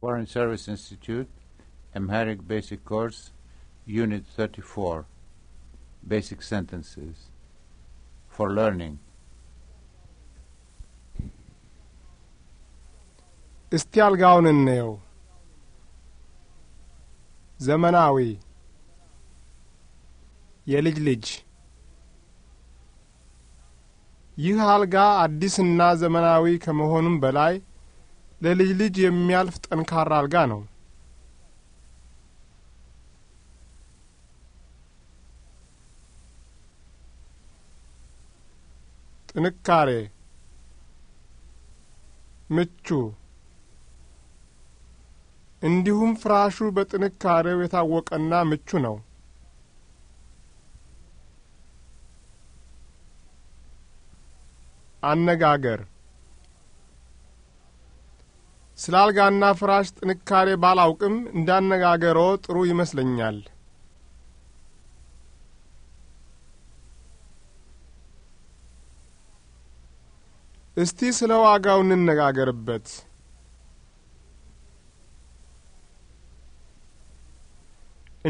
Foreign Service Institute, Amharic Basic Course, Unit 34, Basic Sentences, for Learning. እስቲ አልጋውን እንየው። ዘመናዊ የልጅ ልጅ ይህ አልጋ አዲስና ዘመናዊ ከመሆኑም በላይ ለልጅ ልጅ የሚያልፍ ጠንካራ አልጋ ነው። ጥንካሬ፣ ምቹ እንዲሁም ፍራሹ በጥንካሬው የታወቀና ምቹ ነው። አነጋገር ስለ አልጋና ፍራሽ ጥንካሬ ባላውቅም እንዳነጋገሮ ጥሩ ይመስለኛል። እስቲ ስለ ዋጋው እንነጋገርበት።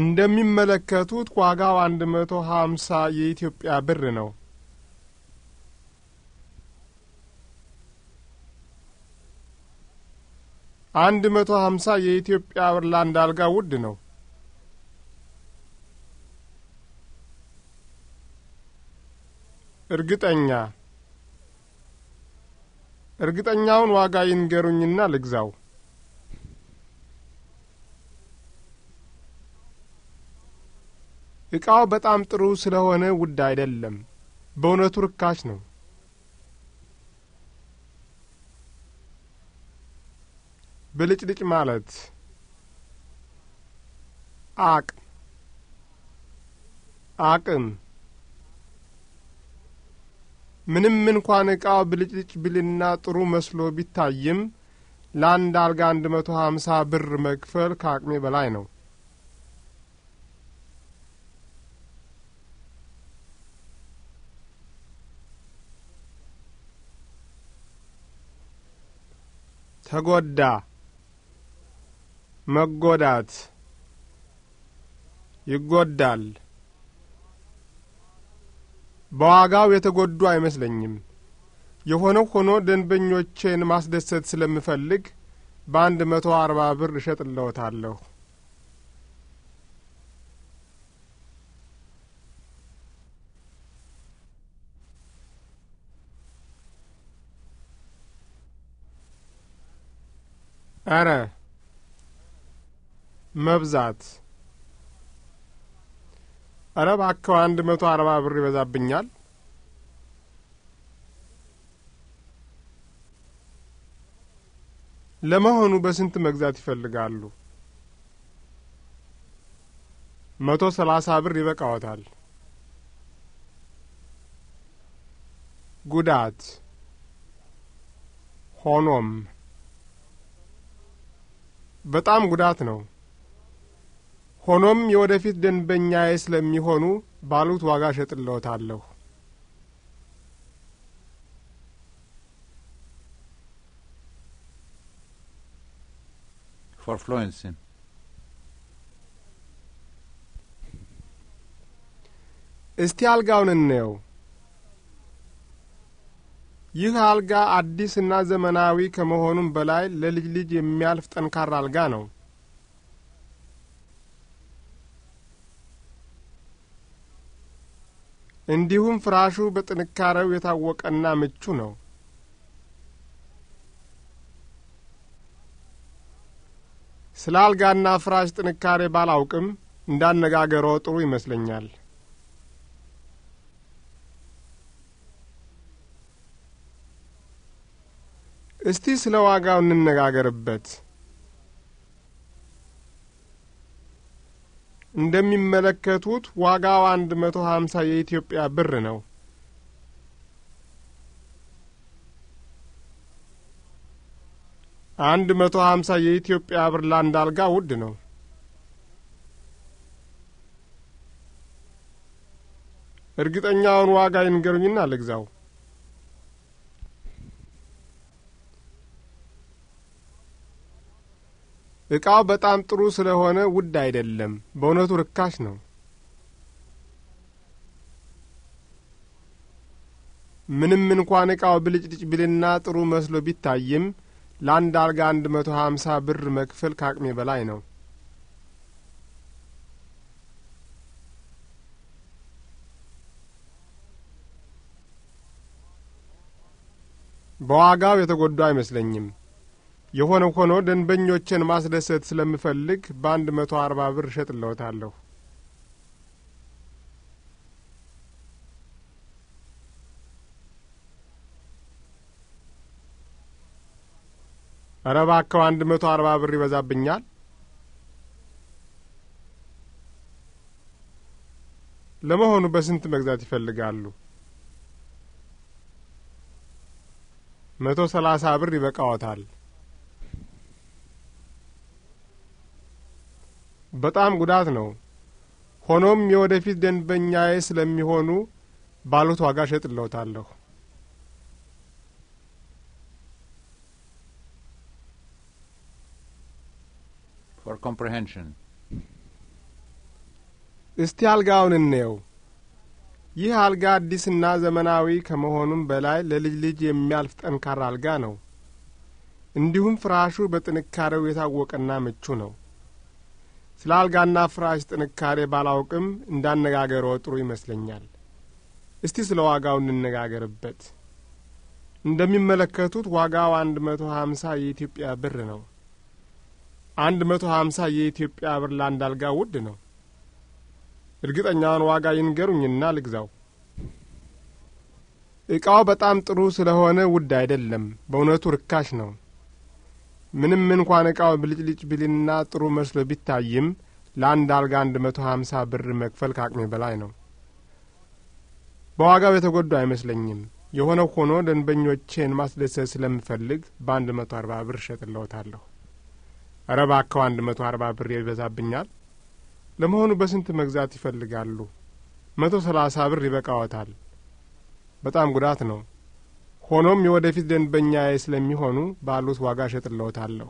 እንደሚመለከቱት ዋጋው አንድ መቶ ሀምሳ የኢትዮጵያ ብር ነው። አንድ መቶ ሀምሳ የኢትዮጵያ ብር ለአንድ አልጋ ውድ ነው። እርግጠኛ እርግጠኛውን ዋጋ ይንገሩኝና ልግዛው። እቃው በጣም ጥሩ ስለሆነ ውድ አይደለም፣ በእውነቱ ርካሽ ነው። ብልጭልጭ ማለት አቅ አቅም ምንም እንኳን ዕቃው ብልጭልጭ ብልና ጥሩ መስሎ ቢታይም ለአንድ አልጋ አንድ መቶ ሀምሳ ብር መክፈል ከአቅሜ በላይ ነው። ተጎዳ መጎዳት ይጎዳል። በዋጋው የተጎዱ አይመስለኝም። የሆነው ሆኖ ደንበኞቼን ማስደሰት ስለምፈልግ በአንድ መቶ አርባ ብር እሸጥለውታለሁ። አረ መብዛት እረ ባክዎ አንድ መቶ አርባ ብር ይበዛብኛል። ለመሆኑ በስንት መግዛት ይፈልጋሉ? መቶ ሰላሳ ብር ይበቃዎታል። ጉዳት ሆኖም በጣም ጉዳት ነው። ሆኖም የወደፊት ደንበኛዬ ስለሚሆኑ ባሉት ዋጋ እሸጥልዎታለሁ። እስቲ አልጋውን እንየው። ይህ አልጋ አዲስና ዘመናዊ ከመሆኑም በላይ ለልጅ ልጅ የሚያልፍ ጠንካራ አልጋ ነው። እንዲሁም ፍራሹ በጥንካሬው የታወቀና ምቹ ነው። ስለ አልጋና ፍራሽ ጥንካሬ ባላውቅም እንዳነጋገረው ጥሩ ይመስለኛል። እስቲ ስለ ዋጋው እንነጋገርበት። እንደሚመለከቱት ዋጋው አንድ መቶ ሀምሳ የኢትዮጵያ ብር ነው። አንድ መቶ ሀምሳ የኢትዮጵያ ብር ለአንድ አልጋ ውድ ነው። እርግጠኛውን ዋጋ ይንገሩኝና ልግዛው። ዕቃው በጣም ጥሩ ስለሆነ ውድ አይደለም። በእውነቱ ርካሽ ነው። ምንም እንኳን ዕቃው ብልጭልጭ ቢልና ጥሩ መስሎ ቢታይም ለአንድ አልጋ አንድ መቶ ሀምሳ ብር መክፈል ከአቅሜ በላይ ነው። በዋጋው የተጐዱ አይመስለኝም። የሆነ ሆኖ ደንበኞችን ማስደሰት ስለምፈልግ በአንድ መቶ አርባ ብር እሸጥለውታለሁ። ኧረ እባክዎ አንድ መቶ አርባ ብር ይበዛብኛል። ለመሆኑ በስንት መግዛት ይፈልጋሉ? መቶ ሰላሳ ብር ይበቃዎታል። በጣም ጉዳት ነው። ሆኖም የወደፊት ደንበኛዬ ስለሚሆኑ ባሉት ዋጋ ሸጥለውታለሁ። እስቲ አልጋውን እንየው። ይህ አልጋ አዲስና ዘመናዊ ከመሆኑም በላይ ለልጅ ልጅ የሚያልፍ ጠንካራ አልጋ ነው። እንዲሁም ፍራሹ በጥንካሬው የታወቀና ምቹ ነው። ስለ አልጋና ፍራሽ ጥንካሬ ባላውቅም እንዳነጋገረው ጥሩ ይመስለኛል። እስቲ ስለ ዋጋው እንነጋገርበት። እንደሚመለከቱት ዋጋው አንድ መቶ ሀምሳ የኢትዮጵያ ብር ነው። አንድ መቶ ሀምሳ የኢትዮጵያ ብር ለአንድ አልጋ ውድ ነው። እርግጠኛውን ዋጋ ይንገሩኝና ልግዛው። እቃው በጣም ጥሩ ስለሆነ ውድ አይደለም፣ በእውነቱ ርካሽ ነው። ምንም እንኳን እቃው ብልጭልጭ ቢልና ጥሩ መስሎ ቢታይም ለአንድ አልጋ አንድ መቶ ሀምሳ ብር መክፈል ከአቅሜ በላይ ነው። በዋጋው የተጎዱ አይመስለኝም። የሆነው ሆኖ ደንበኞቼን ማስደሰት ስለምፈልግ በአንድ መቶ አርባ ብር እሸጥለውታለሁ። እረ ባካው አንድ መቶ አርባ ብር ይበዛብኛል። ለመሆኑ በስንት መግዛት ይፈልጋሉ? መቶ ሰላሳ ብር ይበቃዎታል። በጣም ጉዳት ነው። ሆኖም የወደፊት ደንበኛዬ ስለሚሆኑ ባሉት ዋጋ እሸጥልዎታለሁ